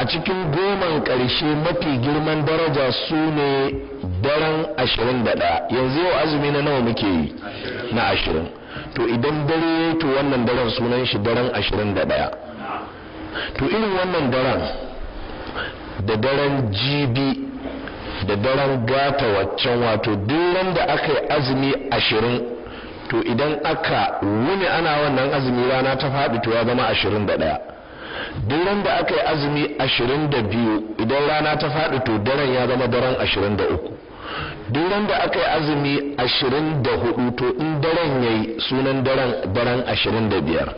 a cikin goman ƙarshe mafi girman daraja su ne daren ashirin da ɗaya yanzu yau azumi na nawa muke yi na ashirin to idan dare ya to wannan daren sunan shi daren ashirin da ɗaya to irin wannan daren da daren jibi da daren gata waccan wato duk da aka yi azumi ashirin to idan aka wuni ana wannan azumi rana ta faɗi to ya zama ashirin da ɗaya duk da aka yi azumi ashirin da biyu idan rana ta faɗi to daren ya zama daren ashirin da uku duk aka yi azumi ashirin da hudu to in daren ya yi sunan daren daren ashirin da biyar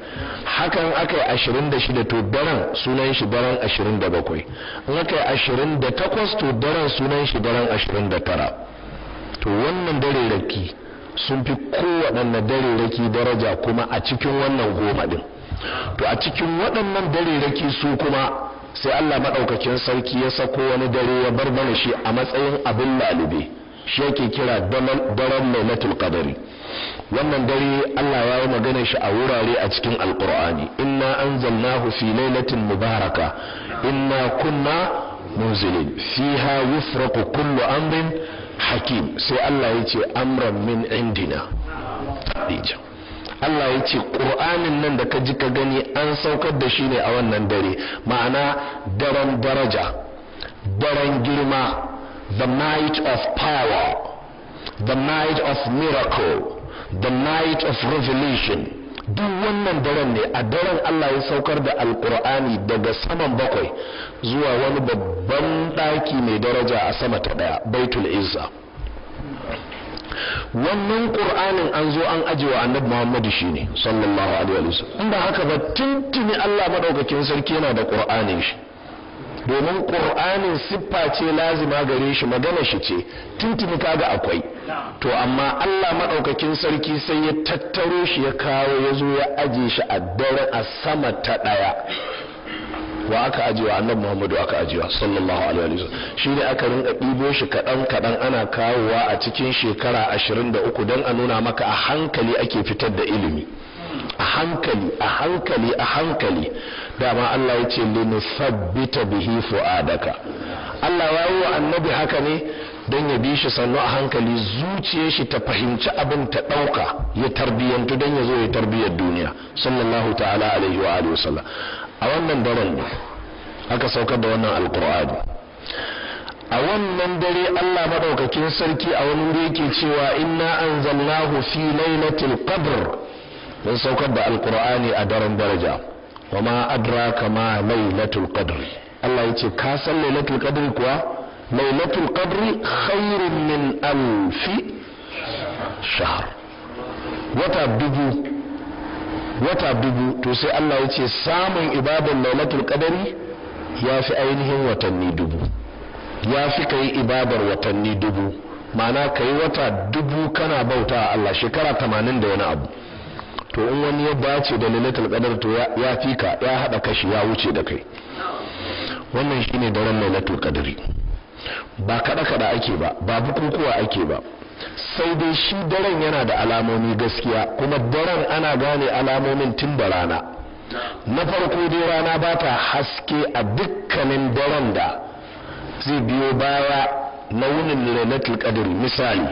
hakan aka yi ashirin da shida to daren sunan shi daren ashirin in aka yi ashirin da takwas to daren sunan shi daren ashirin da tara to wannan dare raki sun fi kowaɗanne dare raki daraja kuma a cikin wannan goma ɗin to a cikin waɗannan dare raki su kuma sai Allah maɗaukakin sarki ya sako wani dare ya bar mana shi a matsayin abin lalube shi yake kira daren lailatul qadari wannan dare Allah ya yi magana shi a wurare a cikin alqur'ani inna anzalnahu fi lailatin mubaraka inna kunna munzilin fiha yufraqu kullu amrin hakim sai Allah ya ce amran min indina Allah ya ce ƙur'anin nan da ka ji ka gani an saukar da shi ne a wannan dare ma'ana daren daraja daren girma the night of power the night of miracle the night of revelation duk wannan daren ne a daren Allah ya saukar da alƙur'ani daga saman bakwai zuwa wani babban ɗaki mai daraja a sama ta ɗaya baitul izza wannan ƙur'anin an zo an ajewa annabi muhammadu shi ne sallallahu alaihi wa in ba haka ba tuntuni Allah maɗaukakin sarki yana da ƙur'anin shi domin ƙur'anin siffa ce lazima gare shi magana shi ce tuntuni kaga akwai to amma Allah maɗaukakin sarki sai ya tattaro shi ya kawo ya zo ya aje shi a daren a sama ta ɗaya wa aka ajiyewa annabi muhammadu aka ajiyewa sallallahu alaihi wasallam shi ne aka rinka ɗibo shi kaɗan kaɗan ana kawowa a cikin shekara ashirin da uku don a nuna maka a hankali ake fitar da ilimi a hankali a hankali a hankali dama Allah ya ce lini sabbita bihi fu'adaka Allah ya yi wa annabi haka ne don ya bi shi sannu a hankali zuciyar shi ta fahimci abin ta ɗauka ya tarbiyyantu don ya zo ya tarbiyyar duniya sallallahu ta'ala alaihi wa alihi wasallam a wannan daren ne aka saukar da wannan alkur'ani a wannan dare Allah madaukakin sarki a wani wuri yake cewa inna anzalnahu fi lailatul qadr mun saukar da alkur'ani a daren daraja wa ma adraka ma lailatul qadr Allah yace ka san lailatul qadr kuwa lailatul qadr khairun min alf shahr wata dubu wata dubu to sai Allah ya ce samun ibadar lailatul qadari ya fi ainihin watanni dubu ya fi kai ibadar watanni dubu ma'ana kayi wata dubu kana bauta a Allah shekara tamanin da wani abu to in wani ya dace da lailatul qadar to ya fi ka ya hada kashi ya wuce da kai wannan shine daren lailatul qadari ba kada kada ake ba ba bukukuwa ake ba sai dai shi daren yana da alamomi gaskiya kuma daren ana gane alamomin tun da rana na farko dai rana ba ta haske a dukkanin daren da zai biyo baya na wunin lalatul qadr misali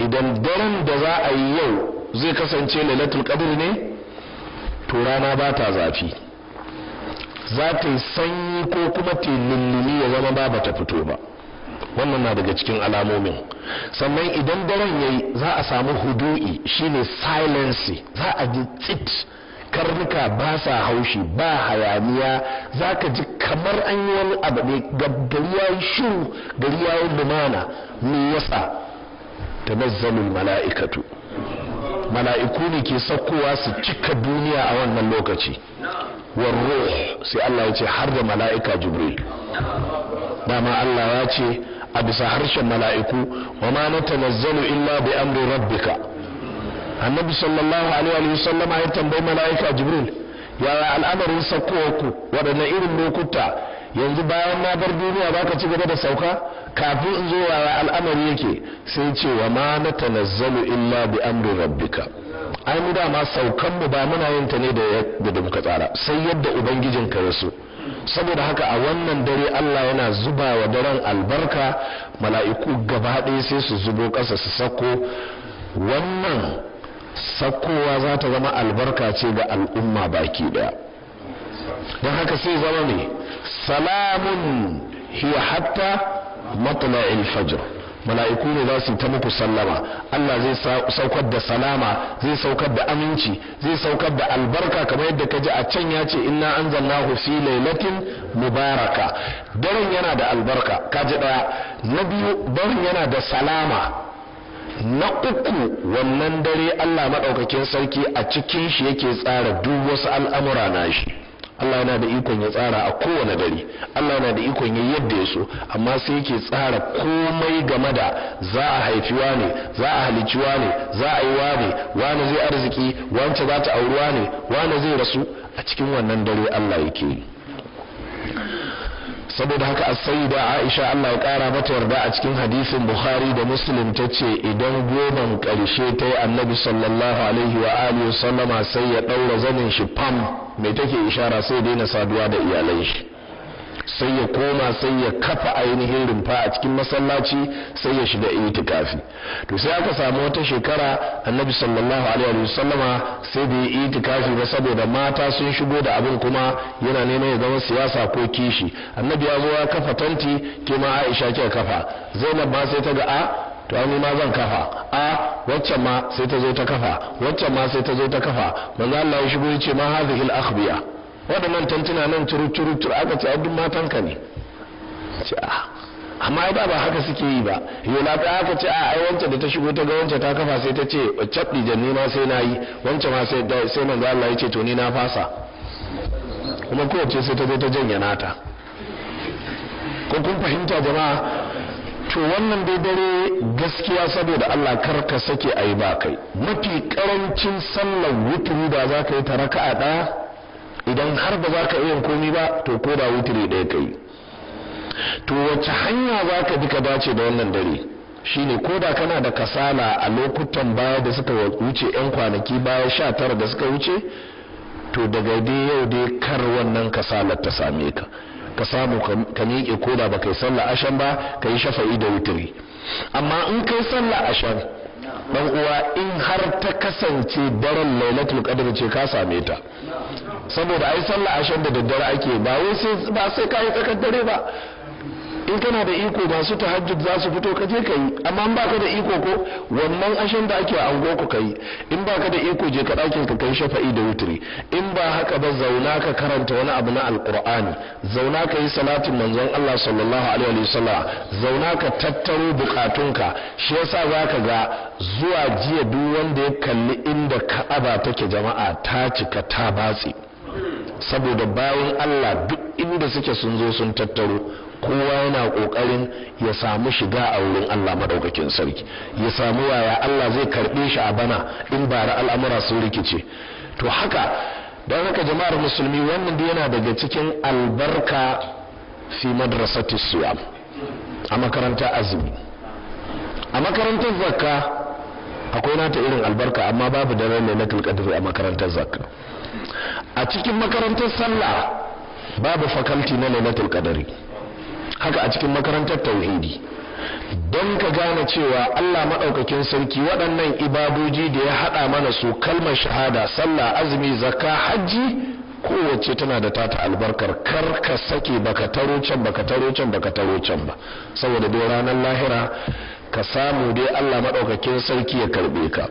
idan daren da za a yi yau zai kasance lalatul qadr ne to rana ba ta zafi za ta yi sanyi ko kuma ta lullumi ya zama ba ta fito ba wannan na daga cikin alamomin sannan idan daren yayi za a samu hudu'i shine silence za a ji tsit karnuka ba sa haushi ba hayaniya za ka ji kamar an yi wani abu ne gari ya yi shiru gari ya yi lumana mai yasa nazzalin mala'ikatu mala'iku ne ke saukowa su cika duniya a wannan lokaci warruh sai Allah ya ce har da mala'ika jibril dama Allah ya ce a bisa harshen mala'iku wa ma natanazzalu illa bi amri rabbika annabi sallallahu alaihi wa sallama ya tambayi mala'ika jibril yaya al'amarin ku waɗanne irin lokuta yanzu bayan na bar duniya ba ka ci gaba da sauka kafin in zo yaya al'amari yake sai ce wa ma na tanazzalu illa bi amri rabbika ai mu dama saukan mu ba muna yin ta ne da da muka tsara sai yadda ubangijin ka ya so saboda haka a wannan dare Allah yana zuba wa daren albarka mala'iku gaba ɗaya sai su zubo ƙasa su sako wannan sakowa za ta zama albarka ce ga al'umma baki ɗaya don haka sai zama ne salamun hiya hatta matla'il fajr mala'iku ne za su ta muku sallama Allah zai saukar da salama zai saukar da aminci zai saukar da albarka kamar yadda ka ji a can ya ce inna anzalnahu fi lailatin mubaraka daren yana da albarka ka ji daya na biyu daren yana da salama na uku wannan dare Allah maɗaukakin sarki a cikin shi yake tsara duk wasu al'amura na shi Allah yana da ikon ya tsara a kowane gari Allah yana da ikon ya yadda ya so amma sai yake tsara komai game da za a haifi wane za a halici wane za a yi wane wane zai arziki wance za ta auri wane wane zai rasu a cikin wannan dare Allah yake yi saboda haka as-sayyida Aisha Allah ya kara mata yarda a cikin hadisin Bukhari da Muslim ce idan goban karshe tayi Annabi sallallahu alaihi wa alihi sai ya ɗaura zanin shi fam mai take ishara sai daina saduwa da iyalai shi sai ya koma sai ya kafa ainihin rumfa a cikin masallaci sai ya shiga itikafi to sai aka samu wata shekara annabi sallallahu alaihi wa sallama sai da yi itikafi ba saboda mata sun shigo da abin kuma yana neman ya zama siyasa ko kishi annabi ya zo ya kafa tanti ke ma Aisha ke kafa Zainab ba sai ta ga a to ai ma zan kafa a waccan ma sai ta zo ta kafa waccan ma sai ta zo ta kafa manzo Allah ya shigo ya ce ma hadhihi al akhbiya wadannan tantuna nan turu turu turu aka ce ai duk matan ka ne ce a ah. amma ai ba haka suke yi ba yola ta aka ce a ah, ai wancan da ta shigo ta ga wancan ta kafa sai ta ce cabdi da ni ma sai nayi wancan ma sai sai manzo Allah ya ce to ni na fasa kuma kowace sai ta zo ta janye nata ko kun fahimta jama'a to wannan dai dare gaskiya saboda Allah kar ka sake ayi ba kai mafi karancin sallar wuturi da za ka yi ta raka'a ɗaya idan har ba za ka iya komi ba to ko da wuturi ɗaya ka yi to wace hanya za ka bi ka dace da wannan dare shine ko da kana da kasala a lokutan baya da suka wuce 'yan kwanaki baya sha tara da suka wuce to daga dai yau dai kar wannan kasalar ta same ka ka samu ka miƙe ko da baka yi sallah ashan ba ka yi shafa'i da wuturi amma in kai sallah ashan dan uwa in har ta kasance daren lailatul qadr ce ka same ta saboda ai sallah ashan da daddare ake ba wai sai ba sai ka tsakar dare ba in kana da iko masu tahajjud za su fito kaje kai amma in baka da iko ko wannan ashen da ake ango ku ka in baka da iko je ka dakin ka kai shafa'i da wuturi in ba haka ba zauna ka karanta wani abu na alqur'ani zauna ka yi salatin manzon Allah sallallahu alaihi wa sallam zauna ka tattaro bukatunka shi yasa zaka ga zuwa jiya duk wanda ya kalli inda Ka'aba take jama'a ta cika ta batse saboda bayan Allah duk inda suke sun zo sun tattaro kowa yana kokarin ya samu shiga a wurin Allah madaukakin sarki ya samu waya Allah zai karbe shi a bana in bara al'amura sun rikice to haka don haka jama'ar musulmi wannan da yana daga cikin albarka fi madrasati siyam a makaranta azumi a makarantar zakka akwai nata irin albarka amma babu daren na qadr a makarantar zakka a cikin makarantar sallah babu fakalti na lailatul qadri haka a cikin makarantar tauhidi don ka gane cewa Allah maɗaukakin sarki waɗannan ibadoji da ya haɗa mana su kalmar shahada sallah azumi zaka hajji kowace tana da tata albarkar kar ka sake baka taro can baka taro can baka taro can ba saboda dai ranar lahira ka samu dai Allah maɗaukakin sarki ya karɓe ka